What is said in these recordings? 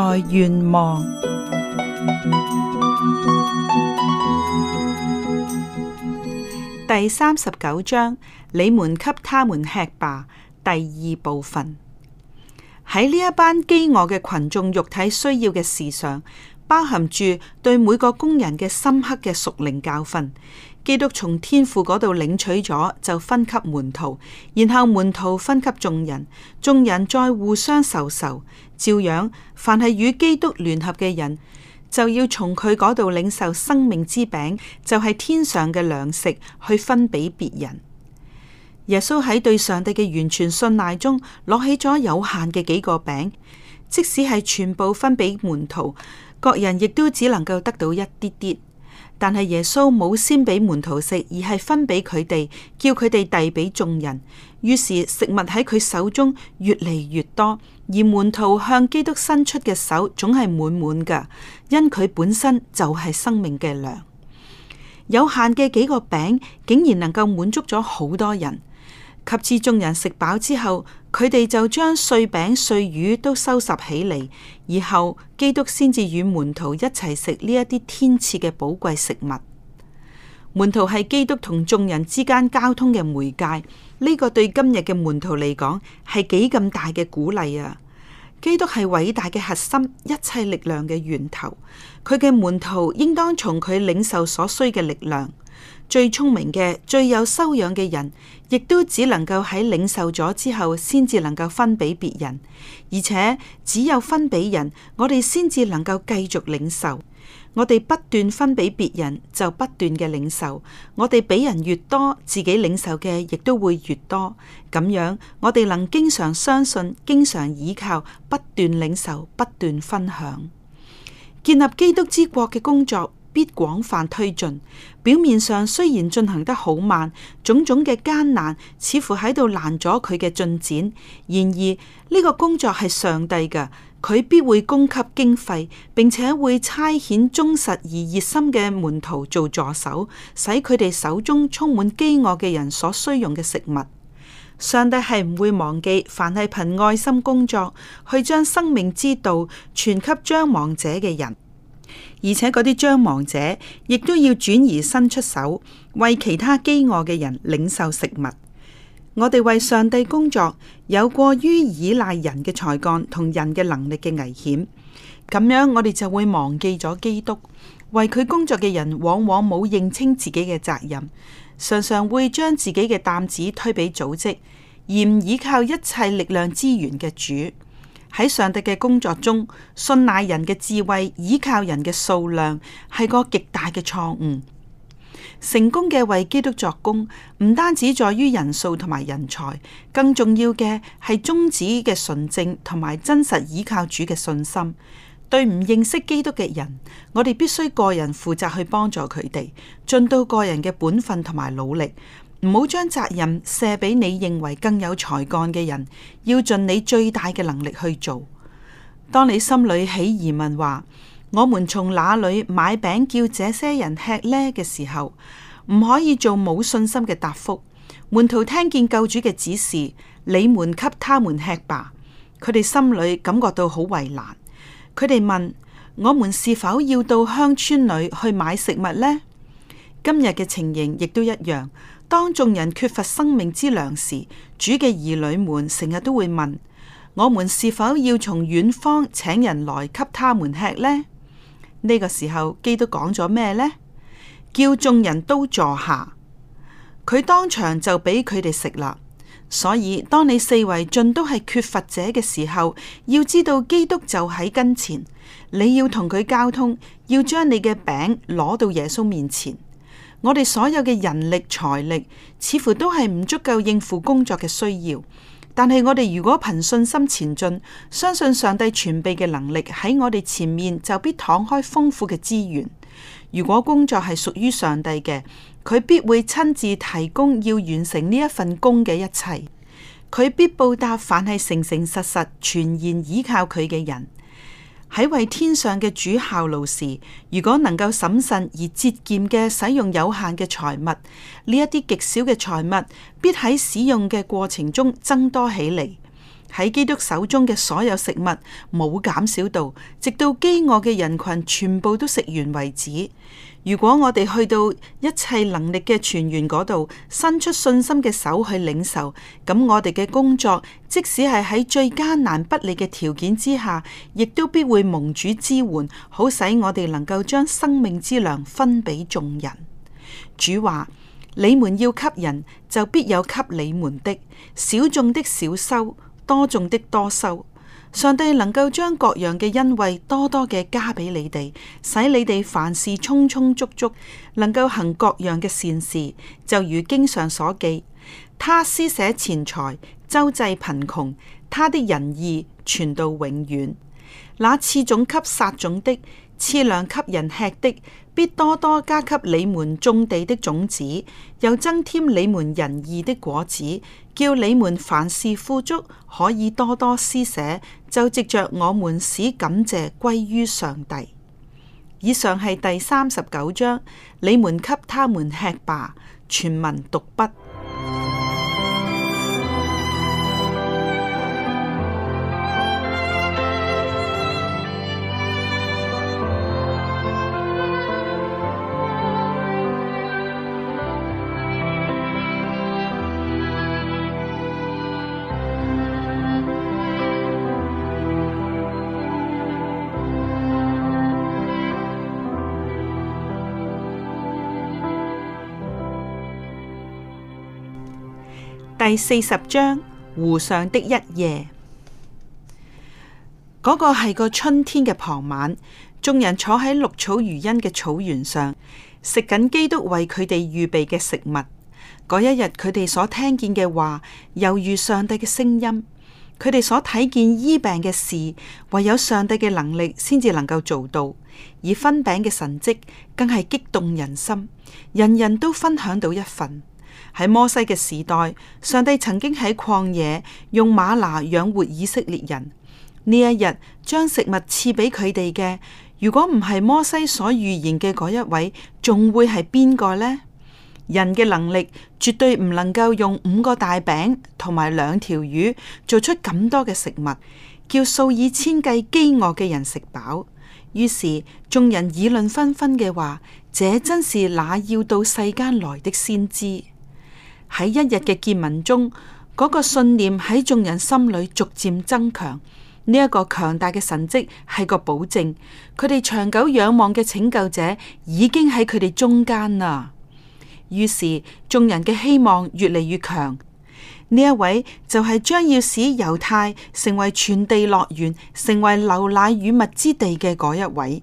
在願望第三十九章，你們給他們吃吧。第二部分，喺呢一班飢餓嘅群眾肉體需要嘅事上，包含住對每個工人嘅深刻嘅屬靈教訓。基督從天父嗰度領取咗，就分給門徒，然後門徒分給眾人，眾人再互相受受。照樣，凡係與基督聯合嘅人，就要從佢嗰度領受生命之餅，就係天上嘅糧食去分俾別人。耶穌喺對上帝嘅完全信賴中，攞起咗有限嘅幾個餅，即使係全部分俾門徒，各人亦都只能夠得到一啲啲。但係耶穌冇先畀門徒食，而係分畀佢哋，叫佢哋遞畀眾人。於是食物喺佢手中越嚟越多，而門徒向基督伸出嘅手總係滿滿嘅，因佢本身就係生命嘅糧。有限嘅幾個餅，竟然能夠滿足咗好多人。及至眾人食飽之後，佢哋就將碎餅碎魚都收拾起嚟，以後基督先至與門徒一齊食呢一啲天賜嘅寶貴食物。門徒係基督同眾人之間交通嘅媒介，呢個對今日嘅門徒嚟講係幾咁大嘅鼓勵啊！基督係偉大嘅核心，一切力量嘅源頭，佢嘅門徒應當從佢領受所需嘅力量。最聰明嘅、最有修養嘅人，亦都只能夠喺領受咗之後，先至能夠分俾別人。而且只有分俾人，我哋先至能夠繼續領受。我哋不斷分俾別人，就不斷嘅領受。我哋俾人越多，自己領受嘅亦都會越多。咁樣，我哋能經常相信、經常倚靠、不斷領受、不斷分享，建立基督之國嘅工作。必廣泛推進，表面上雖然進行得好慢，種種嘅艱難似乎喺度難阻佢嘅進展。然而呢個工作係上帝嘅，佢必會供給經費，並且會差遣忠實而熱心嘅門徒做助手，使佢哋手中充滿飢餓嘅人所需用嘅食物。上帝係唔會忘記凡係憑愛心工作去將生命之道傳給將亡者嘅人。而且嗰啲將亡者，亦都要轉而伸出手，為其他飢餓嘅人領受食物。我哋為上帝工作，有過於依賴人嘅才幹同人嘅能力嘅危險。咁樣我哋就會忘記咗基督。為佢工作嘅人，往往冇認清自己嘅責任，常常會將自己嘅擔子推俾組織，而唔依靠一切力量資源嘅主。喺上帝嘅工作中，信賴人嘅智慧，依靠人嘅數量，係個極大嘅錯誤。成功嘅為基督作工，唔單止在於人數同埋人才，更重要嘅係宗旨嘅純正同埋真實依靠主嘅信心。對唔認識基督嘅人，我哋必須個人負責去幫助佢哋，盡到個人嘅本分同埋努力。唔好將責任卸俾你認為更有才幹嘅人，要盡你最大嘅能力去做。當你心裏起疑問話：「我們從哪裏買餅叫這些人吃呢？」嘅時候，唔可以做冇信心嘅答覆。門徒聽見救主嘅指示，你們給他們吃吧。佢哋心裏感覺到好為難。佢哋問：「我們是否要到鄉村裏去買食物呢？」今日嘅情形亦都一樣。當眾人缺乏生命之糧時，主嘅兒女們成日都會問：我們是否要從遠方請人來給他們吃呢？呢個時候，基督講咗咩呢？叫眾人都坐下，佢當場就俾佢哋食啦。所以，當你四圍盡都係缺乏者嘅時候，要知道基督就喺跟前，你要同佢交通，要將你嘅餅攞到耶穌面前。我哋所有嘅人力財力，似乎都係唔足夠應付工作嘅需要。但係我哋如果憑信心前進，相信上帝全備嘅能力喺我哋前面就必敞開豐富嘅資源。如果工作係屬於上帝嘅，佢必會親自提供要完成呢一份工嘅一切。佢必報答凡係誠誠實實全然倚靠佢嘅人。喺為天上嘅主效勞時，如果能夠審慎而節儉嘅使用有限嘅財物，呢一啲極少嘅財物，必喺使用嘅過程中增多起嚟。喺基督手中嘅所有食物冇減少到，直到飢餓嘅人群全部都食完為止。如果我哋去到一切能力嘅泉源嗰度，伸出信心嘅手去領受，咁我哋嘅工作，即使係喺最艱難不利嘅條件之下，亦都必會蒙主支援，好使我哋能夠將生命之糧分俾眾人。主話：你們要給人，就必有給你們的；少種的少，少收。多種的多收，上帝能夠將各樣嘅恩惠多多嘅加俾你哋，使你哋凡事充充足足，能夠行各樣嘅善事。就如經上所記，他施捨錢財，周濟貧窮，他的仁義傳到永遠。那賜種給撒種的。賜糧給人吃的，必多多加給你們種地的種子，又增添你們仁義的果子，叫你們凡事富足，可以多多施捨。就藉着我們，使感謝歸於上帝。以上係第三十九章，你們給他們吃吧。全文讀畢。第四十章，湖上的一夜。嗰個係個春天嘅傍晚，眾人坐喺綠草如茵嘅草原上，食緊基督為佢哋預備嘅食物。嗰一日佢哋所聽見嘅話，猶如上帝嘅聲音；佢哋所睇見醫病嘅事，唯有上帝嘅能力先至能夠做到。而分餅嘅神蹟，更係激動人心，人人都分享到一份。喺摩西嘅時代，上帝曾經喺曠野用馬拿養活以色列人。呢一日，將食物賜俾佢哋嘅，如果唔係摩西所預言嘅嗰一位，仲會係邊個呢？人嘅能力絕對唔能夠用五個大餅同埋兩條魚做出咁多嘅食物，叫數以千計飢餓嘅人食飽。於是，眾人議論紛紛嘅話，這真是那要到世間來的先知。喺一日嘅見聞中，嗰、那個信念喺眾人心裏逐漸增強。呢、這、一個強大嘅神迹係個保證，佢哋長久仰望嘅拯救者已經喺佢哋中間啦。於是眾人嘅希望越嚟越強。呢一位就係將要使猶太成為全地樂園，成為流奶與蜜之地嘅嗰一位。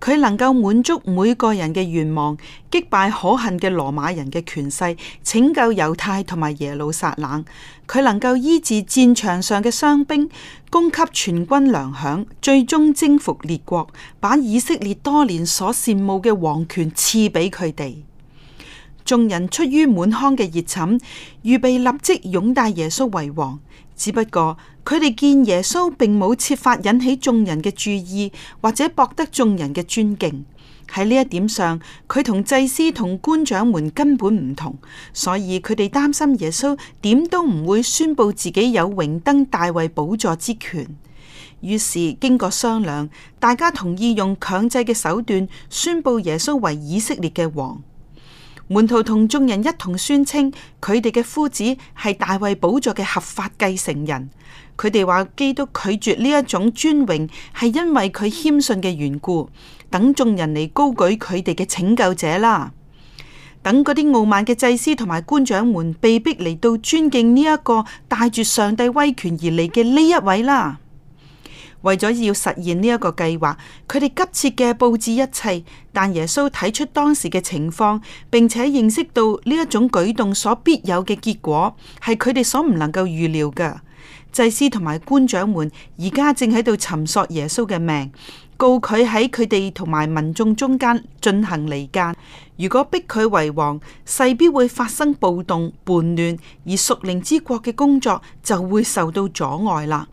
佢能夠滿足每個人嘅願望，擊敗可恨嘅羅馬人嘅權勢，拯救猶太同埋耶路撒冷。佢能夠醫治戰場上嘅傷兵，供給全軍糧餉，最終征服列國，把以色列多年所羨慕嘅皇權賜俾佢哋。眾人出於滿腔嘅熱忱，預備立即擁戴耶穌為王。只不過，佢哋見耶穌並冇設法引起眾人嘅注意，或者博得眾人嘅尊敬。喺呢一點上，佢同祭司同官長們根本唔同，所以佢哋擔心耶穌點都唔會宣佈自己有榮登大衛寶座之權。於是經過商量，大家同意用強制嘅手段宣佈耶穌為以色列嘅王。門徒同眾人一同宣稱，佢哋嘅夫子係大衛寶座嘅合法繼承人。佢哋話基督拒絕呢一種尊榮，係因為佢謙遜嘅緣故。等眾人嚟高舉佢哋嘅拯救者啦，等嗰啲傲慢嘅祭司同埋官長們被逼嚟到尊敬呢一個帶住上帝威權而嚟嘅呢一位啦。為咗要實現呢一個計劃，佢哋急切嘅佈置一切，但耶穌睇出當時嘅情況，並且認識到呢一種舉動所必有嘅結果係佢哋所唔能夠預料嘅。祭司同埋官長們而家正喺度尋索耶穌嘅命，告佢喺佢哋同埋民眾中間進行離間。如果逼佢為王，勢必會發生暴動，叛亂，而屬靈之國嘅工作就會受到阻礙啦。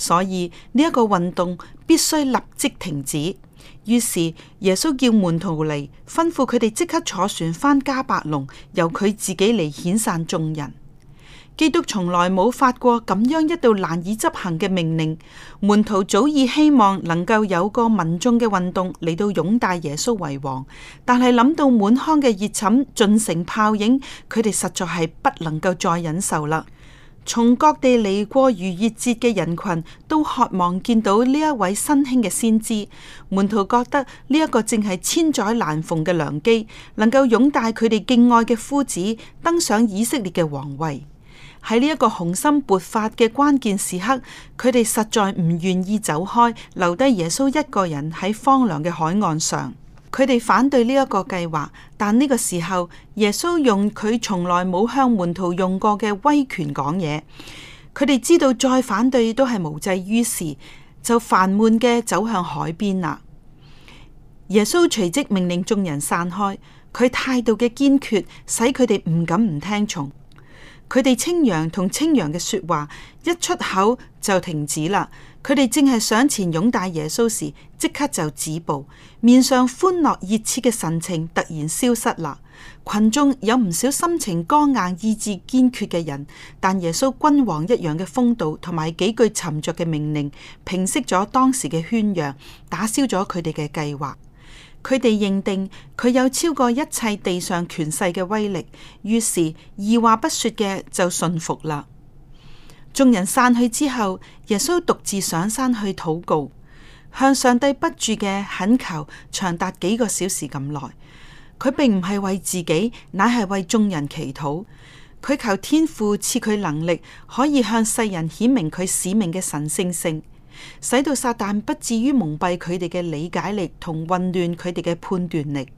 所以呢一個運動必須立即停止。於是耶穌叫門徒嚟，吩咐佢哋即刻坐船返迦百農，由佢自己嚟遣散眾人。基督從來冇發過咁樣一道難以執行嘅命令。門徒早已希望能夠有個民眾嘅運動嚟到擁戴耶穌為王，但係諗到滿腔嘅熱忱盡成泡影，佢哋實在係不能夠再忍受啦。從各地嚟過逾越節嘅人群，都渴望見到呢一位新興嘅先知。門徒覺得呢一、這個正係千載難逢嘅良機，能夠擁戴佢哋敬愛嘅夫子登上以色列嘅皇位。喺呢一個雄心勃發嘅關鍵時刻，佢哋實在唔願意走開，留低耶穌一個人喺荒涼嘅海岸上。佢哋反對呢一個計劃，但呢個時候耶穌用佢從來冇向門徒用過嘅威權講嘢，佢哋知道再反對都係無濟於事，就煩悶嘅走向海邊啦。耶穌隨即命令眾人散開，佢態度嘅堅決使佢哋唔敢唔聽從，佢哋清揚同清揚嘅說話一出口就停止啦！佢哋正係上前擁戴耶穌時，即刻就止步，面上歡樂熱切嘅神情突然消失啦。群眾有唔少心情剛硬、意志堅決嘅人，但耶穌君王一樣嘅風度同埋幾句沉着嘅命令，平息咗當時嘅喧嚷，打消咗佢哋嘅計劃。佢哋認定佢有超過一切地上權勢嘅威力，於是二話不說嘅就信服啦。眾人散去之後，耶穌獨自上山去禱告，向上帝不住嘅懇求，長達幾個小時咁耐。佢並唔係為自己，乃係為眾人祈禱。佢求天父賜佢能力，可以向世人顯明佢使命嘅神聖性，使到撒旦不至於蒙蔽佢哋嘅理解力同混亂佢哋嘅判斷力。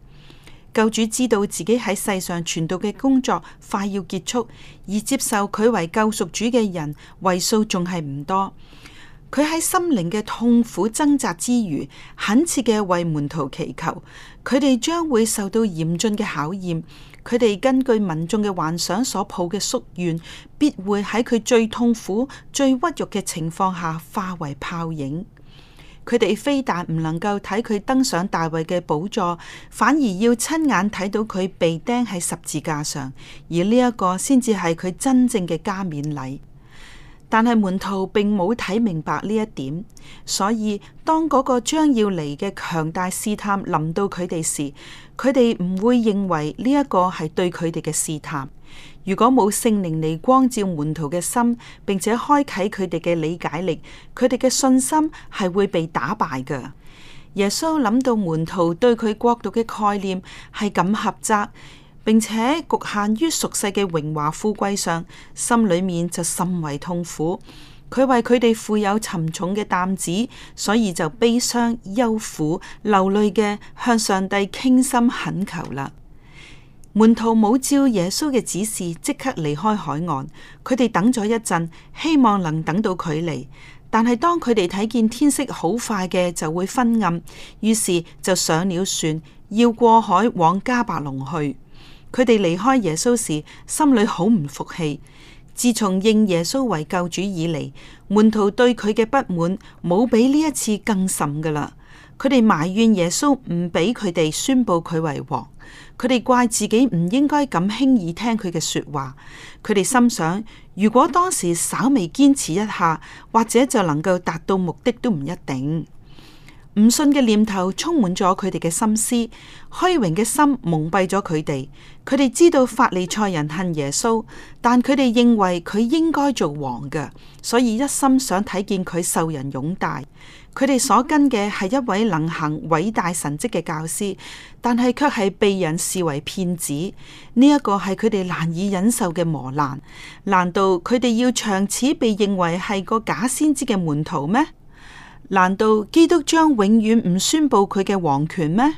救主知道自己喺世上傳道嘅工作快要結束，而接受佢為救贖主嘅人，為數仲係唔多。佢喺心靈嘅痛苦掙扎之餘，懇切嘅為門徒祈求，佢哋將會受到嚴峻嘅考驗。佢哋根據民眾嘅幻想所抱嘅夙願，必會喺佢最痛苦、最屈辱嘅情況下化為泡影。佢哋非但唔能夠睇佢登上大衛嘅寶座，反而要親眼睇到佢被釘喺十字架上，而呢一個先至係佢真正嘅加冕禮。但係門徒並冇睇明白呢一點，所以當嗰個將要嚟嘅強大試探臨到佢哋時，佢哋唔會認為呢一個係對佢哋嘅試探。如果冇聖靈嚟光照門徒嘅心，並且開啟佢哋嘅理解力，佢哋嘅信心係會被打敗㗎。耶穌諗到門徒對佢國度嘅概念係咁狹窄，並且局限於俗世嘅榮華富貴上，心裏面就甚為痛苦。佢為佢哋負有沉重嘅擔子，所以就悲傷憂苦流淚嘅向上帝傾心懇求啦。門徒冇照耶穌嘅指示，即刻離開海岸。佢哋等咗一陣，希望能等到佢嚟。但係當佢哋睇見天色好快嘅就會昏暗，於是就上了船，要過海往迦百農去。佢哋離開耶穌時，心裏好唔服氣。自從認耶穌為救主以嚟，門徒對佢嘅不滿冇比呢一次更甚㗎喇。佢哋埋怨耶穌唔俾佢哋宣布佢為王。佢哋怪自己唔應該咁輕易聽佢嘅說話，佢哋心想，如果當時稍微堅持一下，或者就能夠達到目的，都唔一定。唔信嘅念頭充滿咗佢哋嘅心思，虛榮嘅心蒙蔽咗佢哋。佢哋知道法利賽人恨耶穌，但佢哋認為佢應該做王嘅，所以一心想睇見佢受人擁戴。佢哋所跟嘅係一位能行偉大神跡嘅教師，但係卻係被人視為騙子。呢一個係佢哋難以忍受嘅磨難。難道佢哋要長此被認為係個假先知嘅門徒咩？難道基督將永遠唔宣布佢嘅王權咩？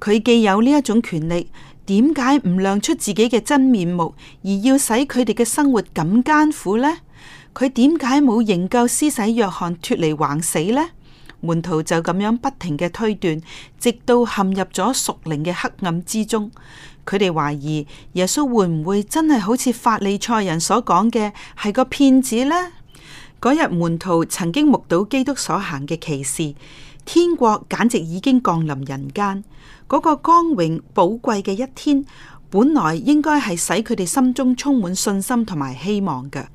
佢既有呢一種權力，點解唔亮出自己嘅真面目，而要使佢哋嘅生活咁艱苦呢？佢點解冇營救施洗約翰脫離橫死呢？門徒就咁樣不停嘅推斷，直到陷入咗屬靈嘅黑暗之中。佢哋懷疑耶穌會唔會真係好似法利賽人所講嘅係個騙子呢？嗰日門徒曾經目睹基督所行嘅奇事，天國簡直已經降臨人間。嗰、那個光榮寶貴嘅一天，本來應該係使佢哋心中充滿信心同埋希望嘅。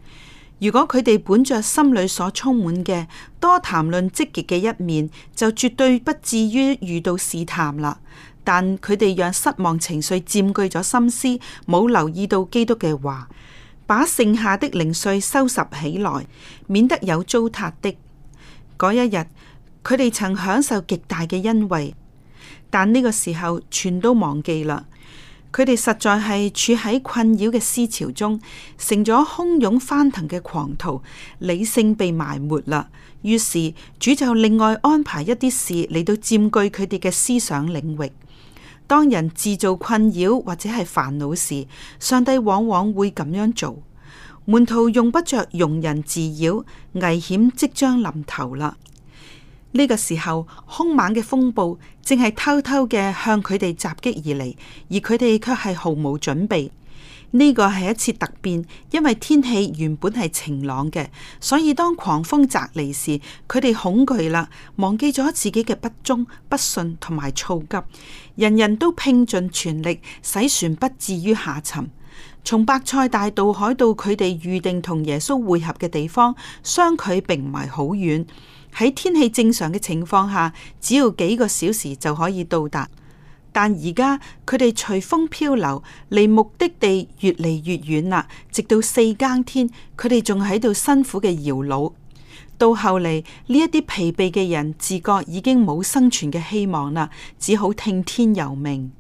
如果佢哋本着心裏所充滿嘅，多談論積極嘅一面，就絕對不至於遇到試探啦。但佢哋讓失望情緒佔據咗心思，冇留意到基督嘅話。把剩下的零碎收拾起來，免得有糟蹋的。嗰一日，佢哋曾享受極大嘅恩惠，但呢個時候全都忘記啦。佢哋實在係處喺困擾嘅思潮中，成咗洶湧翻騰嘅狂徒，理性被埋沒啦。於是主就另外安排一啲事嚟到佔據佢哋嘅思想領域。當人自造困擾或者係煩惱時，上帝往往會咁樣做。門徒用不着庸人自擾，危險即將臨頭啦！呢個時候，兇猛嘅風暴正係偷偷嘅向佢哋襲擊而嚟，而佢哋卻係毫無準備。呢個係一次突變，因為天氣原本係晴朗嘅，所以當狂風襲嚟時，佢哋恐懼啦，忘記咗自己嘅不忠、不信同埋躁急，人人都拼盡全力使船不至於下沉。從白菜大渡海到佢哋預定同耶穌會合嘅地方，相距並唔係好遠。喺天氣正常嘅情況下，只要幾個小時就可以到達。但而家佢哋隨風漂流，離目的地越嚟越遠啦。直到四更天，佢哋仲喺度辛苦嘅搖櫓。到後嚟呢一啲疲憊嘅人，自覺已經冇生存嘅希望啦，只好聽天由命。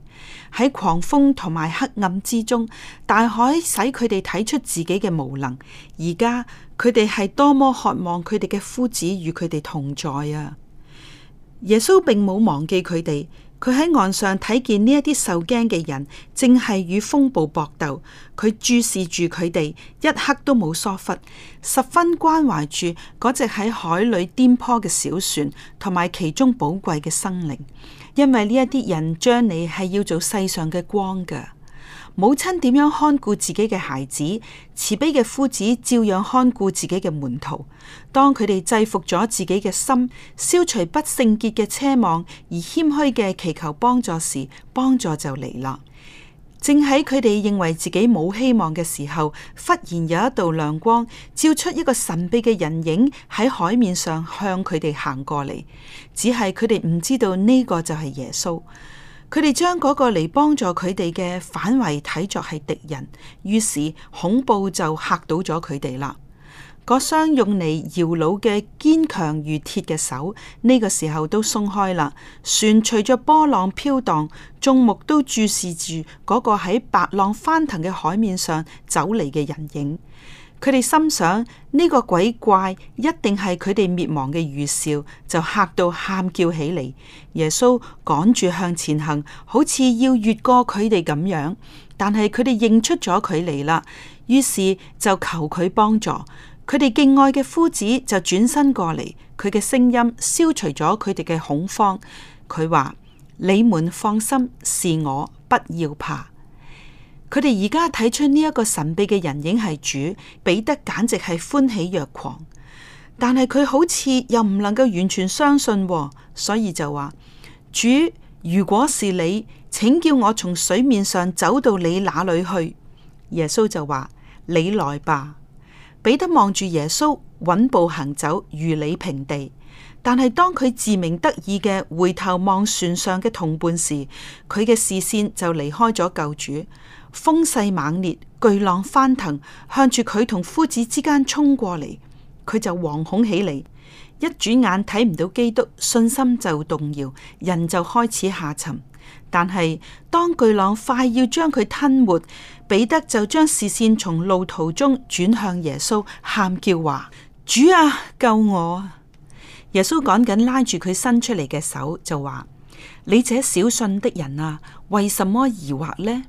喺狂風同埋黑暗之中，大海使佢哋睇出自己嘅無能。而家佢哋係多麼渴望佢哋嘅夫子與佢哋同在啊！耶穌並冇忘記佢哋。佢喺岸上睇見呢一啲受驚嘅人，正係與風暴搏鬥。佢注視住佢哋，一刻都冇疏忽，十分關懷住嗰隻喺海裏顛簸嘅小船同埋其中寶貴嘅生靈。因為呢一啲人將你係要做世上嘅光㗎。母親點樣看顧自己嘅孩子？慈悲嘅夫子照樣看顧自己嘅門徒。當佢哋制服咗自己嘅心，消除不聖潔嘅奢望，而謙虛嘅祈求幫助時，幫助就嚟啦。正喺佢哋認為自己冇希望嘅時候，忽然有一道亮光，照出一個神秘嘅人影喺海面上向佢哋行過嚟。只係佢哋唔知道呢個就係耶穌。佢哋將嗰個嚟幫助佢哋嘅，反而睇作係敵人，於是恐怖就嚇到咗佢哋啦。嗰雙用嚟搖櫓嘅堅強如鐵嘅手，呢、這個時候都鬆開啦。船隨着波浪飄蕩，眾目都注視住嗰個喺白浪翻騰嘅海面上走嚟嘅人影。佢哋心想呢個鬼怪一定係佢哋滅亡嘅預兆，就吓到喊叫起嚟。耶穌趕住向前行，好似要越過佢哋咁樣，但係佢哋認出咗佢嚟啦，於是就求佢幫助。佢哋敬愛嘅夫子就轉身過嚟，佢嘅聲音消除咗佢哋嘅恐慌。佢話：你們放心，是我，不要怕。佢哋而家睇出呢一個神秘嘅人影係主，彼得簡直係歡喜若狂，但係佢好似又唔能夠完全相信、哦，所以就話主，如果是你，請叫我從水面上走到你那裏去。耶穌就話你來吧。彼得望住耶穌穩步行走，如履平地，但係當佢自鳴得意嘅回頭望船上嘅同伴時，佢嘅視線就離開咗救主。風勢猛烈，巨浪翻騰，向住佢同夫子之間衝過嚟。佢就惶恐起嚟，一轉眼睇唔到基督，信心就動搖，人就開始下沉。但係當巨浪快要將佢吞沒，彼得就將視線從路途中轉向耶穌，喊叫話：主啊，救我！耶穌趕緊拉住佢伸出嚟嘅手，就話：你這小信的人啊，為什麼疑惑呢？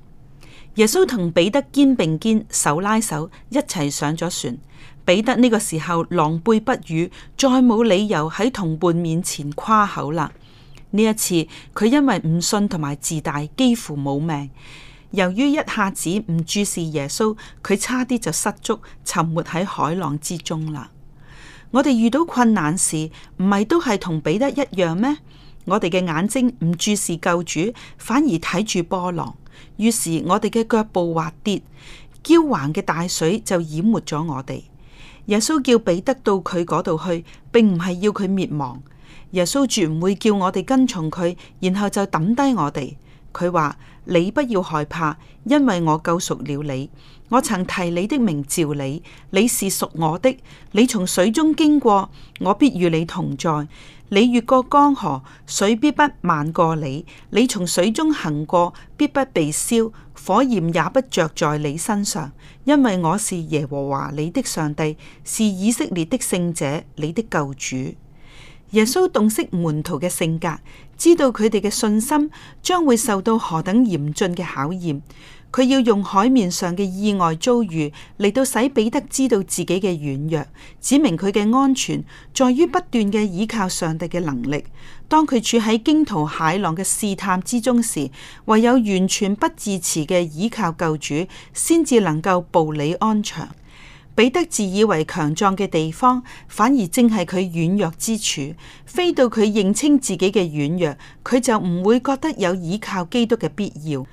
耶穌同彼得肩並肩、手拉手，一齊上咗船。彼得呢個時候狼狽不語，再冇理由喺同伴面前誇口啦。呢一次，佢因為唔信同埋自大，幾乎冇命。由於一下子唔注視耶穌，佢差啲就失足沉沒喺海浪之中啦。我哋遇到困難時，唔係都係同彼得一樣咩？我哋嘅眼睛唔注視救主，反而睇住波浪。於是我哋嘅腳步滑跌，嬌橫嘅大水就淹沒咗我哋。耶穌叫彼得到佢嗰度去，並唔係要佢滅亡。耶穌絕唔會叫我哋跟從佢，然後就抌低我哋。佢話：你不要害怕，因為我救贖了你。我曾提你的名召你，你是屬我的。你從水中經過，我必與你同在。你越過江河，水必不漫過你。你從水中行過，必不被燒，火焰也不着在你身上。因為我是耶和華，你的上帝，是以色列的聖者，你的救主。耶穌洞悉門徒嘅性格，知道佢哋嘅信心將會受到何等嚴峻嘅考驗。佢要用海面上嘅意外遭遇嚟到使彼得知道自己嘅軟弱，指明佢嘅安全在於不斷嘅依靠上帝嘅能力。當佢處喺驚濤駭浪嘅試探之中時，唯有完全不自持嘅依靠救主，先至能夠步履安詳。彼得自以為強壯嘅地方，反而正係佢軟弱之處。非到佢認清自己嘅軟弱，佢就唔會覺得有倚靠基督嘅必要。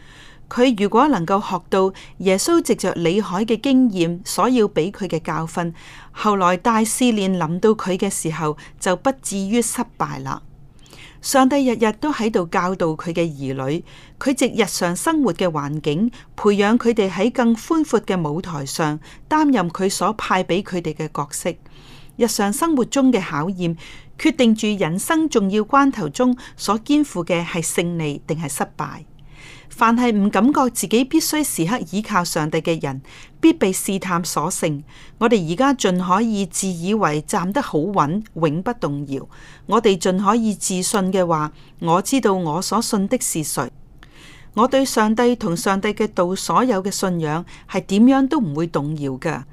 佢如果能夠學到耶穌藉着裏海嘅經驗所要畀佢嘅教訓，後來大試煉諗到佢嘅時候，就不至於失敗啦。上帝日日都喺度教導佢嘅兒女，佢藉日常生活嘅環境培養佢哋喺更寬闊嘅舞台上擔任佢所派俾佢哋嘅角色。日常生活中嘅考驗，決定住人生重要關頭中所肩負嘅係勝利定係失敗。凡係唔感覺自己必須時刻倚靠上帝嘅人，必被試探所勝。我哋而家盡可以自以為站得好穩，永不動搖。我哋盡可以自信嘅話，我知道我所信的是誰。我對上帝同上帝嘅道所有嘅信仰係點樣都唔會動搖嘅，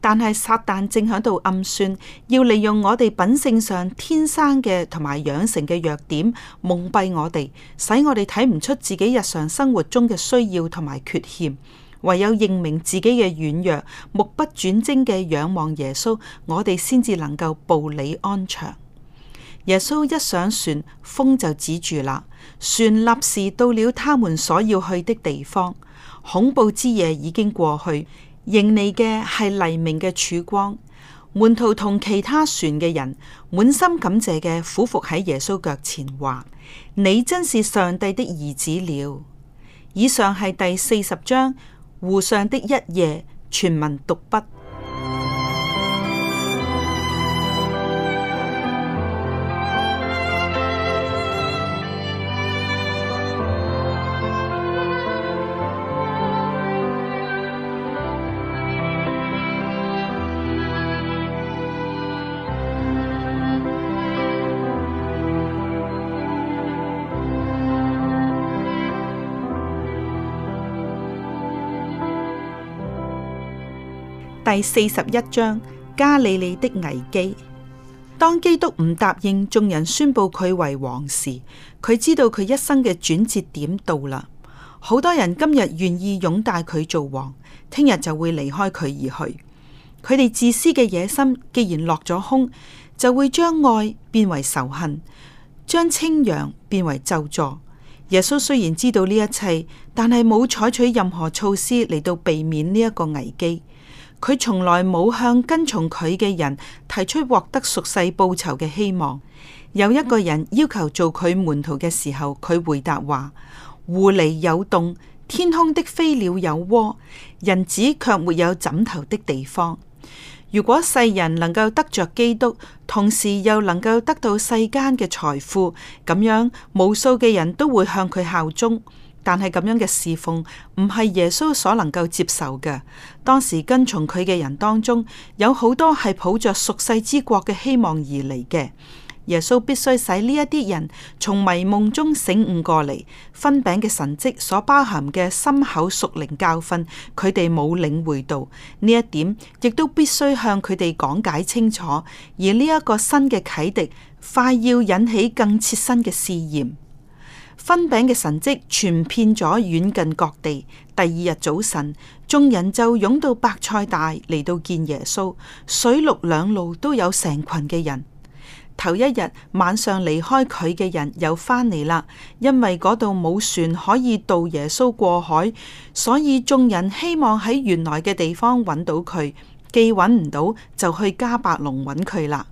但係撒旦正喺度暗算，要利用我哋品性上天生嘅同埋養成嘅弱點，蒙蔽我哋，使我哋睇唔出自己日常生活中嘅需要同埋缺陷。唯有認明自己嘅軟弱，目不轉睛嘅仰望耶穌，我哋先至能夠步履安詳。耶穌一上船，風就止住啦。船立時到了他們所要去的地方。恐怖之夜已經過去，迎嚟嘅係黎明嘅曙光。門徒同其他船嘅人滿心感謝嘅，俯伏喺耶穌腳前話：你真是上帝的兒子了。以上係第四十章湖上的一夜全文讀畢。第四十一章加利利的危機。當基督唔答應眾人宣布佢為王時，佢知道佢一生嘅轉折點到啦。好多人今日願意擁戴佢做王，聽日就會離開佢而去。佢哋自私嘅野心既然落咗空，就會將愛變為仇恨，將清揚變為咒詛。耶穌雖然知道呢一切，但係冇採取任何措施嚟到避免呢一個危機。佢從來冇向跟從佢嘅人提出獲得屬世報酬嘅希望。有一個人要求做佢門徒嘅時候，佢回答話：狐狸有洞，天空的飛鳥有窩，人子卻沒有枕頭的地方。如果世人能夠得着基督，同時又能夠得到世間嘅財富，咁樣無數嘅人都會向佢效忠。但係咁樣嘅侍奉唔係耶穌所能夠接受嘅。當時跟從佢嘅人當中，有好多係抱着屬世之國嘅希望而嚟嘅。耶穌必須使呢一啲人從迷夢中醒悟過嚟。分餅嘅神蹟所包含嘅深刻屬靈教訓，佢哋冇領會到呢一點，亦都必須向佢哋講解清楚。而呢一個新嘅啟迪，快要引起更切身嘅試驗。分餅嘅神蹟傳遍咗遠近各地。第二日早晨，眾人就湧到伯賽大嚟到見耶穌。水陸兩路都有成群嘅人。頭一日晚上離開佢嘅人又返嚟啦，因為嗰度冇船可以渡耶穌過海，所以眾人希望喺原來嘅地方揾到佢，既揾唔到就去迦百農揾佢啦。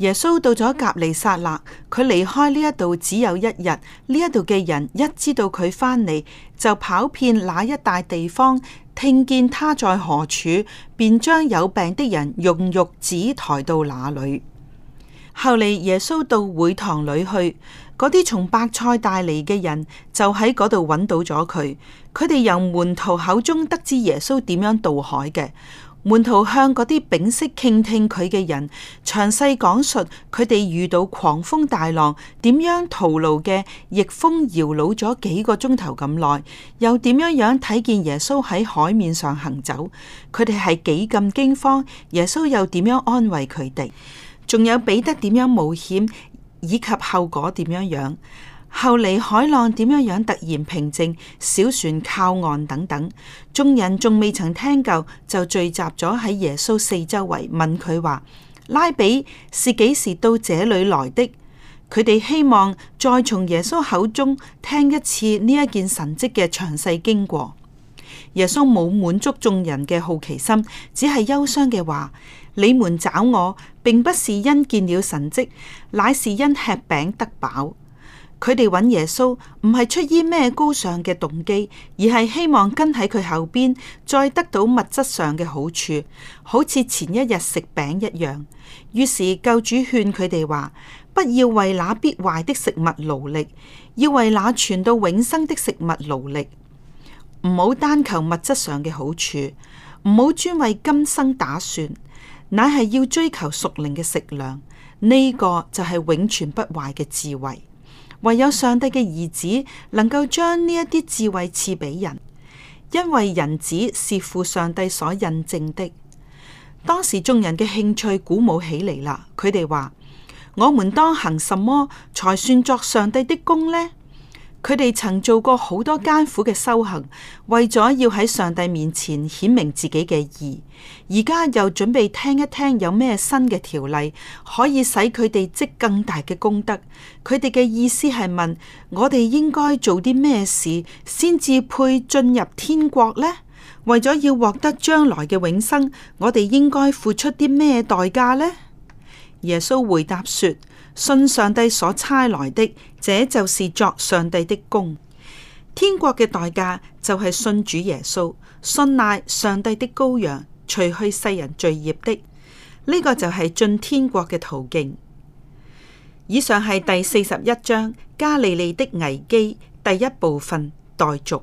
耶穌到咗革尼撒勒，佢離開呢一度只有一日。呢一度嘅人一知道佢返嚟，就跑遍那一帶地方，聽見他在何處，便將有病的人用褥子抬到那裏。後嚟耶穌到會堂裏去，嗰啲從伯賽大嚟嘅人就喺嗰度揾到咗佢。佢哋由門徒口中得知耶穌點樣渡海嘅。門徒向嗰啲屏息傾聽佢嘅人詳細講述佢哋遇到狂風大浪點樣徒勞嘅逆風搖櫓咗幾個鐘頭咁耐，又點樣樣睇見耶穌喺海面上行走？佢哋係幾咁驚慌？耶穌又點樣安慰佢哋？仲有彼得點樣冒險以及後果點樣樣？.後嚟海浪點樣樣突然平靜，小船靠岸，等等。眾人仲未曾聽夠，就聚集咗喺耶穌四周圍，問佢話：拉比是幾時到這裡來的？佢哋希望再從耶穌口中聽一次呢一件神蹟嘅詳細經過。耶穌冇滿足眾人嘅好奇心，只係憂傷嘅話：你們找我，並不是因見了神蹟，乃是因吃餅得飽。佢哋揾耶穌唔係出於咩高尚嘅動機，而係希望跟喺佢後邊再得到物質上嘅好處，好似前一日食餅一樣。於是救主勸佢哋話：不要為那必壞的食物勞力，要為那存到永生的食物勞力。唔好單求物質上嘅好處，唔好專為今生打算，乃係要追求屬靈嘅食糧。呢、這個就係永存不壞嘅智慧。唯有上帝嘅兒子能夠將呢一啲智慧賜俾人，因為人子是父上帝所印證的。當時眾人嘅興趣鼓舞起嚟啦，佢哋話：「我們當行什麼才算作上帝的工呢？佢哋曾做過好多艱苦嘅修行，為咗要喺上帝面前顯明自己嘅義，而家又準備聽一聽有咩新嘅條例可以使佢哋積更大嘅功德。佢哋嘅意思係問：我哋應該做啲咩事先至配進入天國呢？為咗要獲得將來嘅永生，我哋應該付出啲咩代價呢？耶穌回答說：信上帝所差來的，這就是作上帝的工。天國嘅代價就係信主耶穌，信賴上帝的羔羊，除去世人罪孽的。呢個就係進天國嘅途徑。以上係第四十一章加利利的危機第一部分待續。